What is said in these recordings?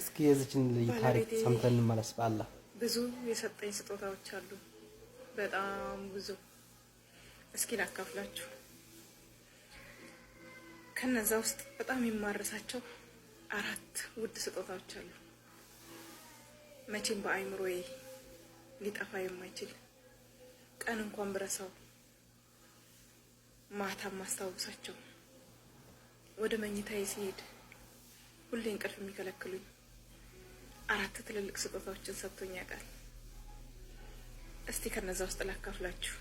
እስኪ የዚችን ልጅ ታሪክ ሰምተን እንመለስ። በአላህ ብዙ የሰጠኝ ስጦታዎች አሉ፣ በጣም ብዙ። እስኪ ላካፍላችሁ። ከነዛ ውስጥ በጣም የማረሳቸው አራት ውድ ስጦታዎች አሉ፣ መቼም በአይምሮዬ ሊጠፋ የማይችል ቀን እንኳን ብረሳው ማታ ማስታወሳቸው ወደ መኝታዬ ሲሄድ ሁሌ እንቅልፍ የሚከለክሉኝ አራት ትልልቅ ስጦታዎችን ሰጥቶኝ ያውቃል። እስቲ ከነዛ ውስጥ ላካፍላችሁ።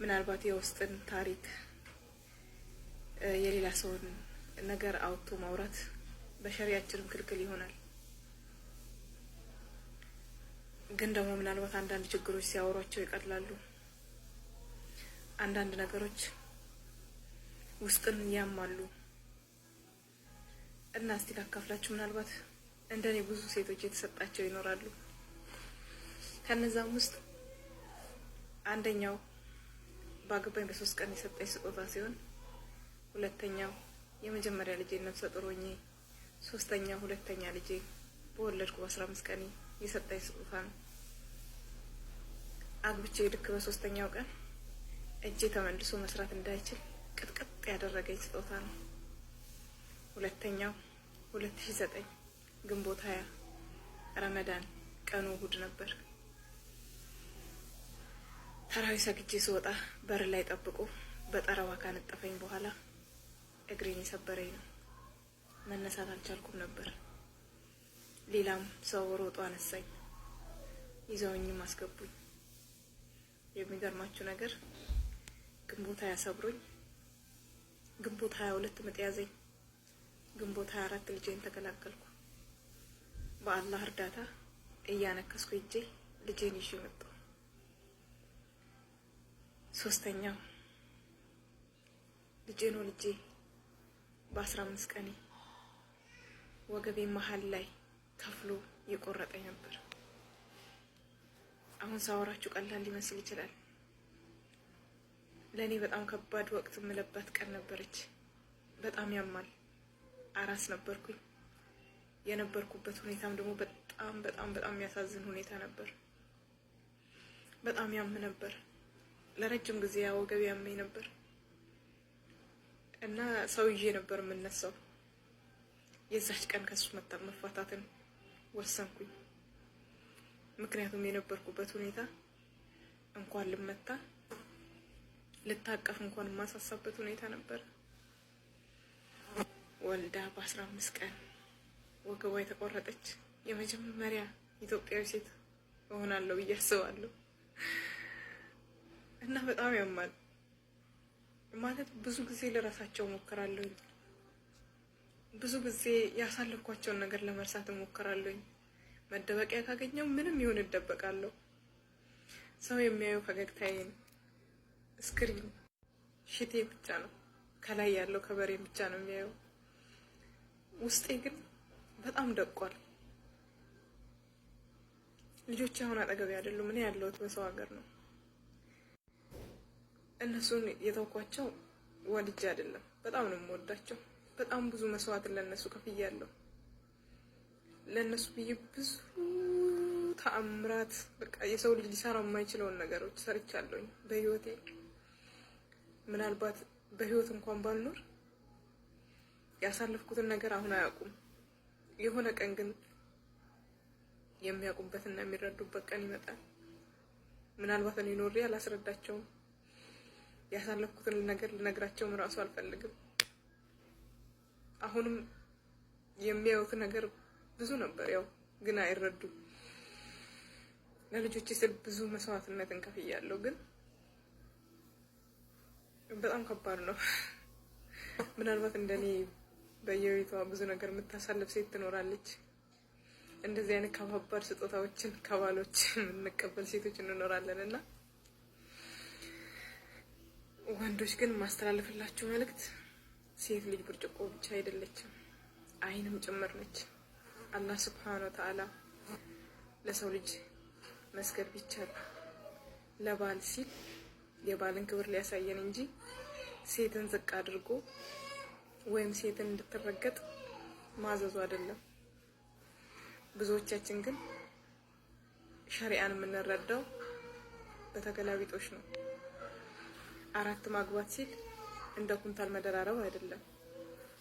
ምናልባት የውስጥን ታሪክ የሌላ ሰውን ነገር አውጥቶ ማውራት በሸሪያችንም ክልክል ይሆናል። ግን ደግሞ ምናልባት አንዳንድ ችግሮች ሲያወሯቸው ይቀላሉ። አንዳንድ ነገሮች ውስጥን ያማሉ እና እስቲ ካካፍላችሁ ምናልባት እንደኔ ብዙ ሴቶች የተሰጣቸው ይኖራሉ። ከነዛም ውስጥ አንደኛው በአገባኝ በሶስት ቀን የሰጠኝ ስጦታ ሲሆን ሁለተኛው የመጀመሪያ ልጄ ነፍሰ ጡር ሶስተኛው ሁለተኛ ልጄ በወለድኩ በአስራ አምስት ቀን የሰጠኝ ስጦታ ነው። አግብቼ ልክ በሶስተኛው ቀን እጄ ተመልሶ መስራት እንዳይችል ቅጥቅጥ ያደረገኝ ስጦታ ነው። ሁለተኛው ሁለት ሺ ዘጠኝ ግንቦት ሀያ ረመዳን ቀኑ እሁድ ነበር። ተራዊ ሰግጄ ስወጣ በር ላይ ጠብቆ በጠረዋ ካነጠፈኝ በኋላ እግሬን የሰበረኝ ነው። መነሳት አልቻልኩም ነበር። ሌላም ሰው ሮጦ አነሳኝ፣ ይዘውኝም አስገቡኝ። የሚገርማችሁ ነገር ግንቦት ሀያ ሰብሮኝ፣ ግንቦት ሀያ ሁለት ምጥ ያዘኝ፣ ግንቦት ሀያ አራት ልጄን ተገላገልኩ። በአላህ እርዳታ እያነከስኩ እጄ ልጄን ይዤ መጣሁ። ሶስተኛው ልጄን ወልጄ በአስራ አምስት ቀኔ ወገቤ መሀል ላይ ከፍሎ የቆረጠኝ ነበር። አሁን ሳወራችሁ ቀላል ሊመስል ይችላል። ለእኔ በጣም ከባድ ወቅት የምለባት ቀን ነበረች። በጣም ያማል። አራስ ነበርኩኝ። የነበርኩበት ሁኔታም ደግሞ በጣም በጣም በጣም የሚያሳዝን ሁኔታ ነበር። በጣም ያም ነበር። ለረጅም ጊዜ ወገብ ያመኝ ነበር እና ሰውዬ ነበር የምነሳው። የዛች ቀን ከሱ መፋታትን ወሰንኩኝ። ምክንያቱም የነበርኩበት ሁኔታ እንኳን ልመታ ልታቀፍ እንኳን የማሳሳበት ሁኔታ ነበር። ወልዳ በአስራ አምስት ቀን ወገቧ የተቆረጠች የመጀመሪያ ኢትዮጵያዊ ሴት እሆናለሁ ብዬ አስባለሁ። እና በጣም ያማል ማለት ብዙ ጊዜ ልረሳቸው ሞክራለሁኝ። ብዙ ጊዜ ያሳለፍኳቸውን ነገር ለመርሳት ሞክራለሁኝ። መደበቂያ ካገኘው ምንም ይሁን እደበቃለሁ። ሰው የሚያየው ፈገግታዬን ስክሪን ሽቴ ብቻ ነው፣ ከላይ ያለው ከበሬ ብቻ ነው የሚያየው። ውስጤ ግን በጣም ደቋል። ልጆች አሁን አጠገቤ አይደሉም። እኔ ያለሁት በሰው ሀገር ነው። እነሱን የተውኳቸው ወድጄ አይደለም። በጣም ነው የምወዳቸው። በጣም ብዙ መስዋዕትን ለእነሱ ከፍያለሁ። ለእነሱ ብዬ ብዙ ተአምራት፣ በቃ የሰው ልጅ ሊሰራው የማይችለውን ነገሮች ሰርቻለሁኝ በህይወቴ። ምናልባት በህይወት እንኳን ባልኖር ያሳለፍኩትን ነገር አሁን አያውቁም። የሆነ ቀን ግን የሚያውቁበትና የሚረዱበት ቀን ይመጣል። ምናልባት እኔ ኖሬ አላስረዳቸውም። ያሳለፍኩትን ነገር ልነግራቸውም እራሱ አልፈልግም። አሁንም የሚያዩት ነገር ብዙ ነበር፣ ያው ግን አይረዱም። ለልጆቼ ስል ብዙ መስዋዕትነት እንከፍያለሁ፣ ግን በጣም ከባድ ነው። ምናልባት እንደኔ በየቤቷ ብዙ ነገር የምታሳልፍ ሴት ትኖራለች። እንደዚህ አይነት ከባባድ ስጦታዎችን ከባሎች የምንቀበል ሴቶች እንኖራለን እና ወንዶች ግን ማስተላለፍላችሁ መልእክት ሴት ልጅ ብርጭቆ ብቻ አይደለችም፣ አይንም ጭምር ነች። አላህ ስብሓን ወተዓላ ለሰው ልጅ መስገድ ቢቻል ለባል ሲል የባልን ክብር ሊያሳየን እንጂ ሴትን ዝቅ አድርጎ ወይም ሴትን እንድትረገጥ ማዘዙ አይደለም። ብዙዎቻችን ግን ሸሪዓን የምንረዳው በተገላቢጦች ነው። አራት ማግባት ሲል እንደ ኩንታል መደራረብ አይደለም።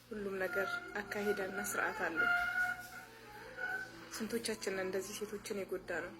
ሁሉም ነገር አካሄዳና ስርዓት አለው። ስንቶቻችን እንደዚህ ሴቶችን የጎዳ ነው።